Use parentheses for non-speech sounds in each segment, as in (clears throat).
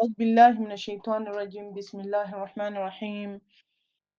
A'udhu billahi minashaitanir rajim. Bismillahir Rahmanir Rahim.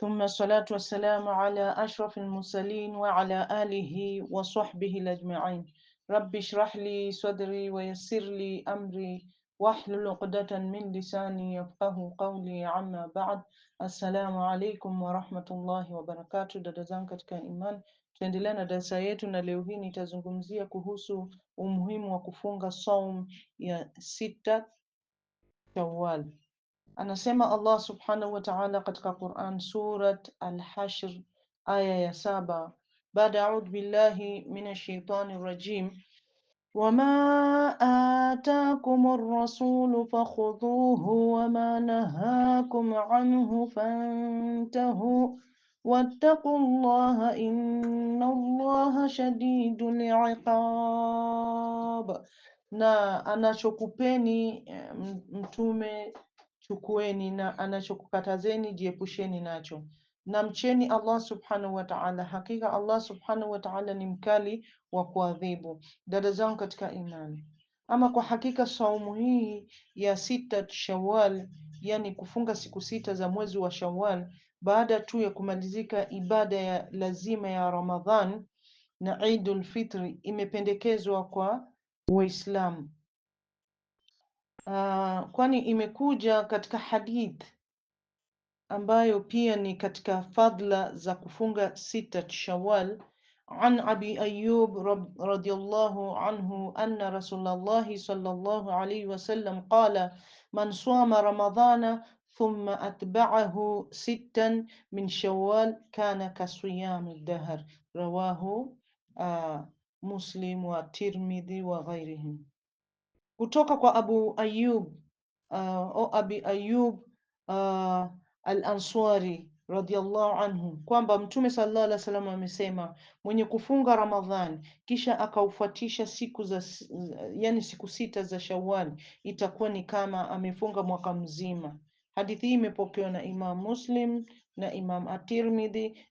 Thumma salatu wassalamu ala ashrafil mursalin wa ala alihi wa sahbihi ajma'in. Rabbi shrah li sadri wa yassir li amri wahlul 'uqdatan min lisani yafqahu qawli. Amma ba'd. Assalamu alaykum wa rahmatullahi wa barakatuh. Dada zangu katika iman, tunaendelea na darasa yetu na leo hii nitazungumzia kuhusu umuhimu wa kufunga saum ya sita شوال أنا سمع الله سبحانه وتعالى قد قرآن سورة الحشر آية سابا بعد أعوذ بالله من الشيطان الرجيم وما آتاكم الرسول فخذوه وما نهاكم عنه فانتهوا واتقوا الله إن الله شديد العقاب na anachokupeni eh, mtume chukueni, na anachokukatazeni jiepusheni nacho, na mcheni Allah subhanahu wa ta'ala. Hakika Allah subhanahu wa ta'ala ni mkali wa kuadhibu. Dada zangu katika imani, ama kwa hakika saumu hii ya sita shawal yani kufunga siku sita za mwezi wa shawal baada tu ya kumalizika ibada ya lazima ya Ramadhan na Eidul Fitri, imependekezwa kwa Uislamu uh, kwani imekuja katika hadith ambayo pia ni katika fadla za kufunga sita Shawwal an Abi Ayyub radhiyallahu anhu anna Rasulullahi sallallahu alayhi wasallam qala man sama ramadhana thumma atba'ahu sittan min Shawwal kana kasiyami dahr rawahu uh, Muslim wa Tirmidhi wa ghairihim. Kutoka kwa Abu Ayub uh, o Abi Ayub uh, al-Answari radhiallahu anhu kwamba Mtume sallallahu alaihi wasallam amesema, mwenye kufunga Ramadhani kisha akaufuatisha siku za yani siku sita za Shawwal itakuwa ni kama amefunga mwaka mzima. Hadithi hii imepokewa na Imam Muslim na Imam at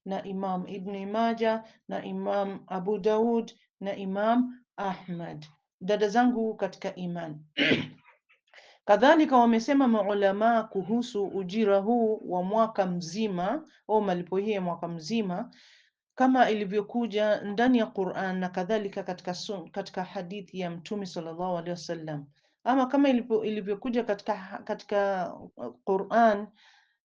na Imam Ibni Maja na Imam Abu Daud na Imam Ahmad. Dada zangu katika iman (clears throat) kadhalika wamesema maulamaa kuhusu ujira huu wa mwaka mzima au malipo hii ya mwaka mzima kama ilivyokuja ndani ya Qur'an na kadhalika katika, sun, katika hadithi ya Mtume sallallahu alaihi wasallam ama kama ilivyokuja katika, katika uh, Qur'an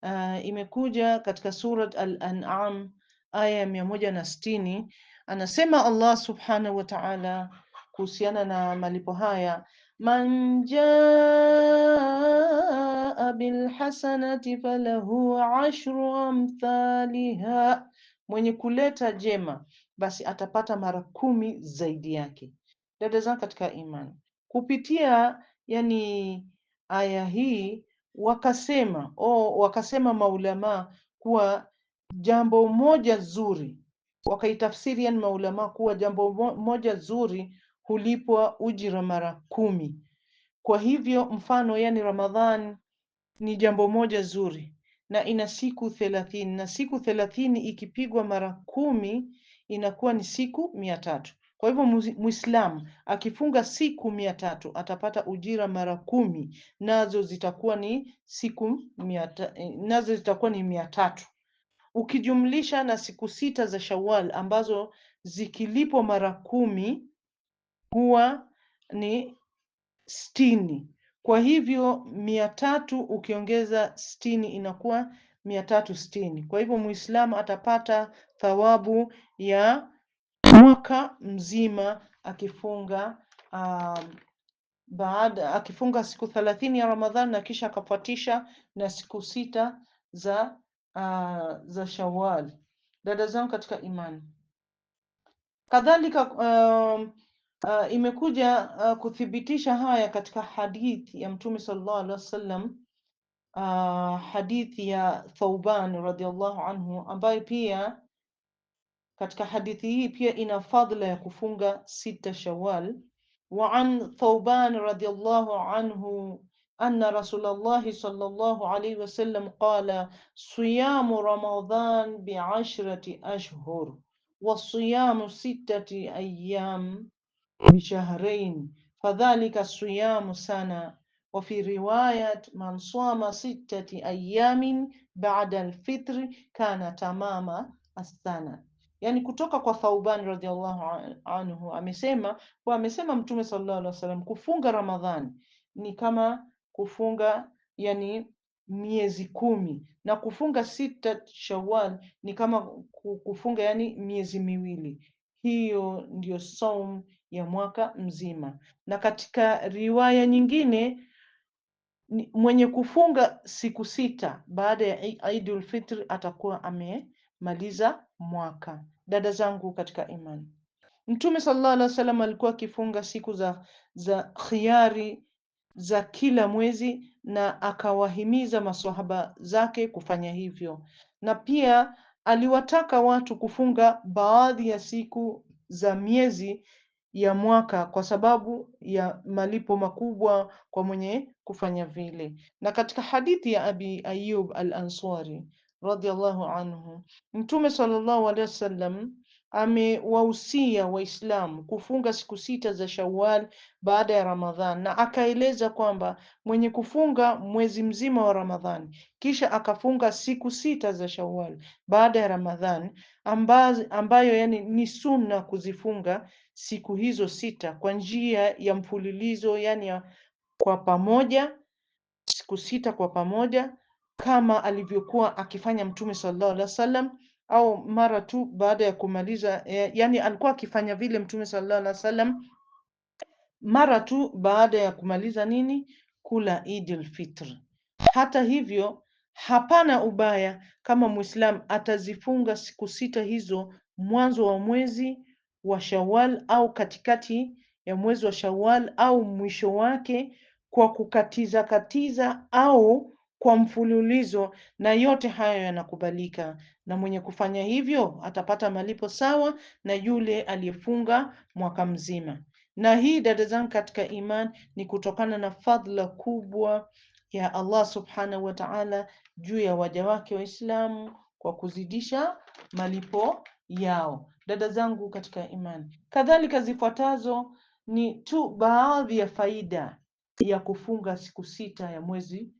uh, imekuja katika Surat Al-An'am aya ya mia moja na sitini. Anasema Allah subhanahu wa ta'ala kuhusiana na malipo haya, man jaa bilhasanati falahu ashru amthaliha, mwenye kuleta jema basi atapata mara kumi zaidi yake. Dada zangu katika imani, kupitia yani aya hii wakasema o, wakasema maulama kuwa jambo moja zuri, wakaitafsiri yani maulama kuwa jambo moja zuri hulipwa ujira mara kumi. Kwa hivyo mfano, yani Ramadhan ni jambo moja zuri na ina siku thelathini na siku thelathini ikipigwa mara kumi inakuwa ni siku mia tatu. Kwa hivyo Muislam akifunga siku mia tatu atapata ujira mara kumi, nazo zitakuwa ni siku mia, eh, nazo zitakuwa ni mia tatu ukijumlisha na siku sita za Shawwal ambazo zikilipwa mara kumi huwa ni stini. Kwa hivyo mia tatu ukiongeza stini inakuwa mia tatu stini. Kwa hivyo Muislam atapata thawabu ya mwaka mzima akifunga um, baada akifunga siku thelathini ya Ramadhani na kisha akafuatisha na siku sita za uh, za Shawwal. Dada zangu katika imani, kadhalika um, uh, imekuja uh, kuthibitisha haya katika hadithi ya Mtume sallallahu alaihi wasallam uh, hadithi ya Thauban radhiallahu anhu ambayo pia katika hadithi hii pia ina fadhila ya kufunga sita Shawal. Wa an Thauban radhiyallahu anhu anna Rasulallahi sallallahu alayhi wasallam qala siyamu Ramadhan biashrati ashhur wa siyamu sittati ayyam bishahrain fadhalika siyamu sana wa fi riwayat man sama sittati ayamin ba'da alfitri kana tamama assana yani kutoka kwa Thauban radhiallahu anhu amesema kwa amesema Mtume sallallahu alaihi wasallam kufunga Ramadhani ni kama kufunga yani miezi kumi na kufunga sita Shawwal ni kama kufunga yani miezi miwili. Hiyo ndiyo saum ya mwaka mzima. Na katika riwaya nyingine mwenye kufunga siku sita baada ya Idul Fitr atakuwa ame maliza mwaka. Dada zangu katika imani, Mtume sallallahu alaihi wasallam alikuwa akifunga siku za, za khiari za kila mwezi na akawahimiza maswahaba zake kufanya hivyo, na pia aliwataka watu kufunga baadhi ya siku za miezi ya mwaka kwa sababu ya malipo makubwa kwa mwenye kufanya vile. Na katika hadithi ya Abi Ayub al-Ansari radhiallahu anhu. Mtume sallallahu alaihi wasallam amewahusia Waislamu kufunga siku sita za Shawwal baada ya Ramadhan, na akaeleza kwamba mwenye kufunga mwezi mzima wa ramadhan kisha akafunga siku sita za Shawwal baada ya Ramadhan ambayo, ambayo yani ni sunna kuzifunga siku hizo sita kwa njia ya mfululizo, yani kwa pamoja siku sita kwa pamoja kama alivyokuwa akifanya Mtume sallallahu alaihi wasallam au mara tu baada ya kumaliza eh, yani alikuwa akifanya vile Mtume sallallahu alaihi wasallam mara tu baada ya kumaliza nini kula Idil Fitr. Hata hivyo hapana ubaya kama Muislam atazifunga siku sita hizo mwanzo wa mwezi wa Shawwal au katikati ya mwezi wa Shawwal au mwisho wake kwa kukatiza katiza au kwa mfululizo, na yote hayo yanakubalika, na mwenye kufanya hivyo atapata malipo sawa na yule aliyefunga mwaka mzima. Na hii dada zangu katika iman, ni kutokana na fadhila kubwa ya Allah subhanahu wa ta'ala juu ya waja wake Waislamu kwa kuzidisha malipo yao. Dada zangu katika imani, kadhalika zifuatazo ni tu baadhi ya faida ya kufunga siku sita ya mwezi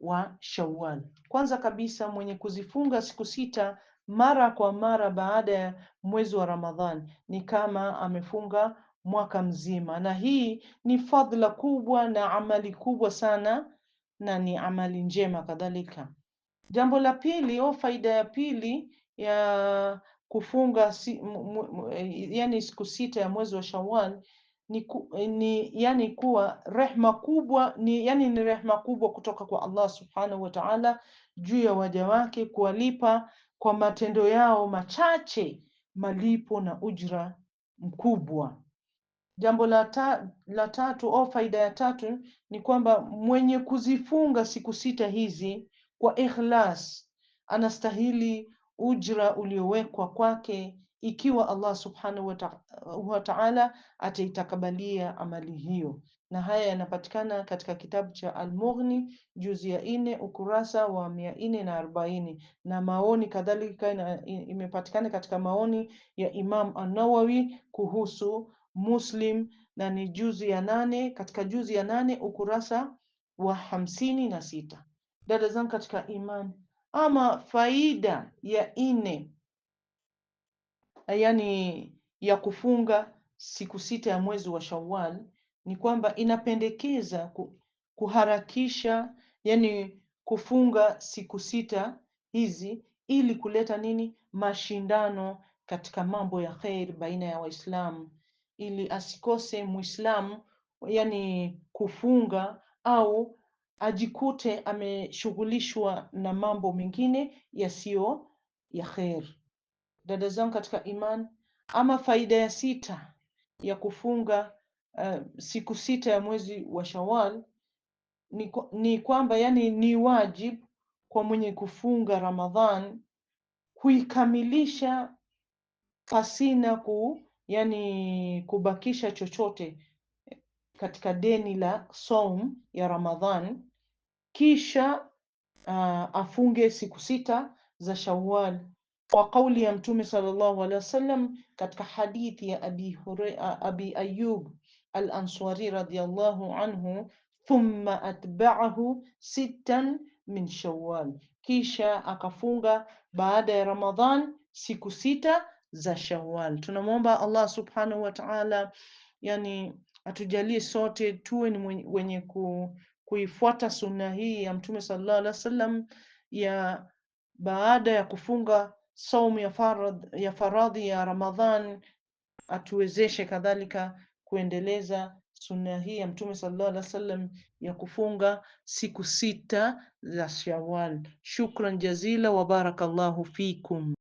wa Shawwal. Kwanza kabisa mwenye kuzifunga siku sita mara kwa mara baada ya mwezi wa Ramadhan ni kama amefunga mwaka mzima, na hii ni fadhila kubwa na amali kubwa sana, na ni amali njema kadhalika. Jambo la pili au faida ya pili ya kufunga si, m, m, eh, yani siku sita ya mwezi wa Shawwal ni, ku, ni yani kuwa rehma kubwa ni yani ni rehma kubwa kutoka kwa Allah subhanahu wa ta'ala juu ya waja wake kuwalipa kwa matendo yao machache malipo na ujira mkubwa. Jambo la, ta, la tatu au faida ya tatu ni kwamba mwenye kuzifunga siku sita hizi kwa ikhlas anastahili ujira uliowekwa kwake ikiwa Allah subhanahu wa, taala ataitakabalia amali hiyo. Na haya yanapatikana katika kitabu cha Al-Mughni juzi ya nne ukurasa wa mia nne na arobaini na maoni kadhalika imepatikana katika maoni ya Imam An-Nawawi kuhusu Muslim na ni juzi ya nane katika juzi ya nane ukurasa wa hamsini na sita. Dada zangu katika imani, ama faida ya nne yani ya kufunga siku sita ya mwezi wa Shawwal ni kwamba inapendekeza kuharakisha, yani kufunga siku sita hizi ili kuleta nini, mashindano katika mambo ya khair baina ya Waislamu, ili asikose Muislamu yani kufunga au ajikute ameshughulishwa na mambo mengine yasiyo ya khair dada zangu katika iman, ama faida ya sita ya kufunga uh, siku sita ya mwezi wa shawal ni, ni kwamba yani ni wajibu kwa mwenye kufunga Ramadhan kuikamilisha pasina ku yani kubakisha chochote katika deni la saum ya Ramadhan, kisha uh, afunge siku sita za Shawwal kwa kauli ya Mtume sallallahu alaihi wasallam katika hadithi ya Abi, Hure, Abi Ayub al-Ansari radhiyallahu anhu, thumma atba'ahu sittan min Shawwal, kisha akafunga baada ya Ramadhan siku sita za Shawwal. Tunamwomba Allah subhanahu wa ta'ala, yani atujalie sote tuwe ni wenye ku, kuifuata sunna hii ya Mtume sallallahu alaihi wasallam ya baada ya kufunga Saum ya faradhi ya, faradhi ya Ramadhan atuwezeshe kadhalika kuendeleza sunna hii ya Mtume sallallahu alaihi wasallam ya kufunga siku sita za Shawwal. Shukran jazila wa barakallahu fikum.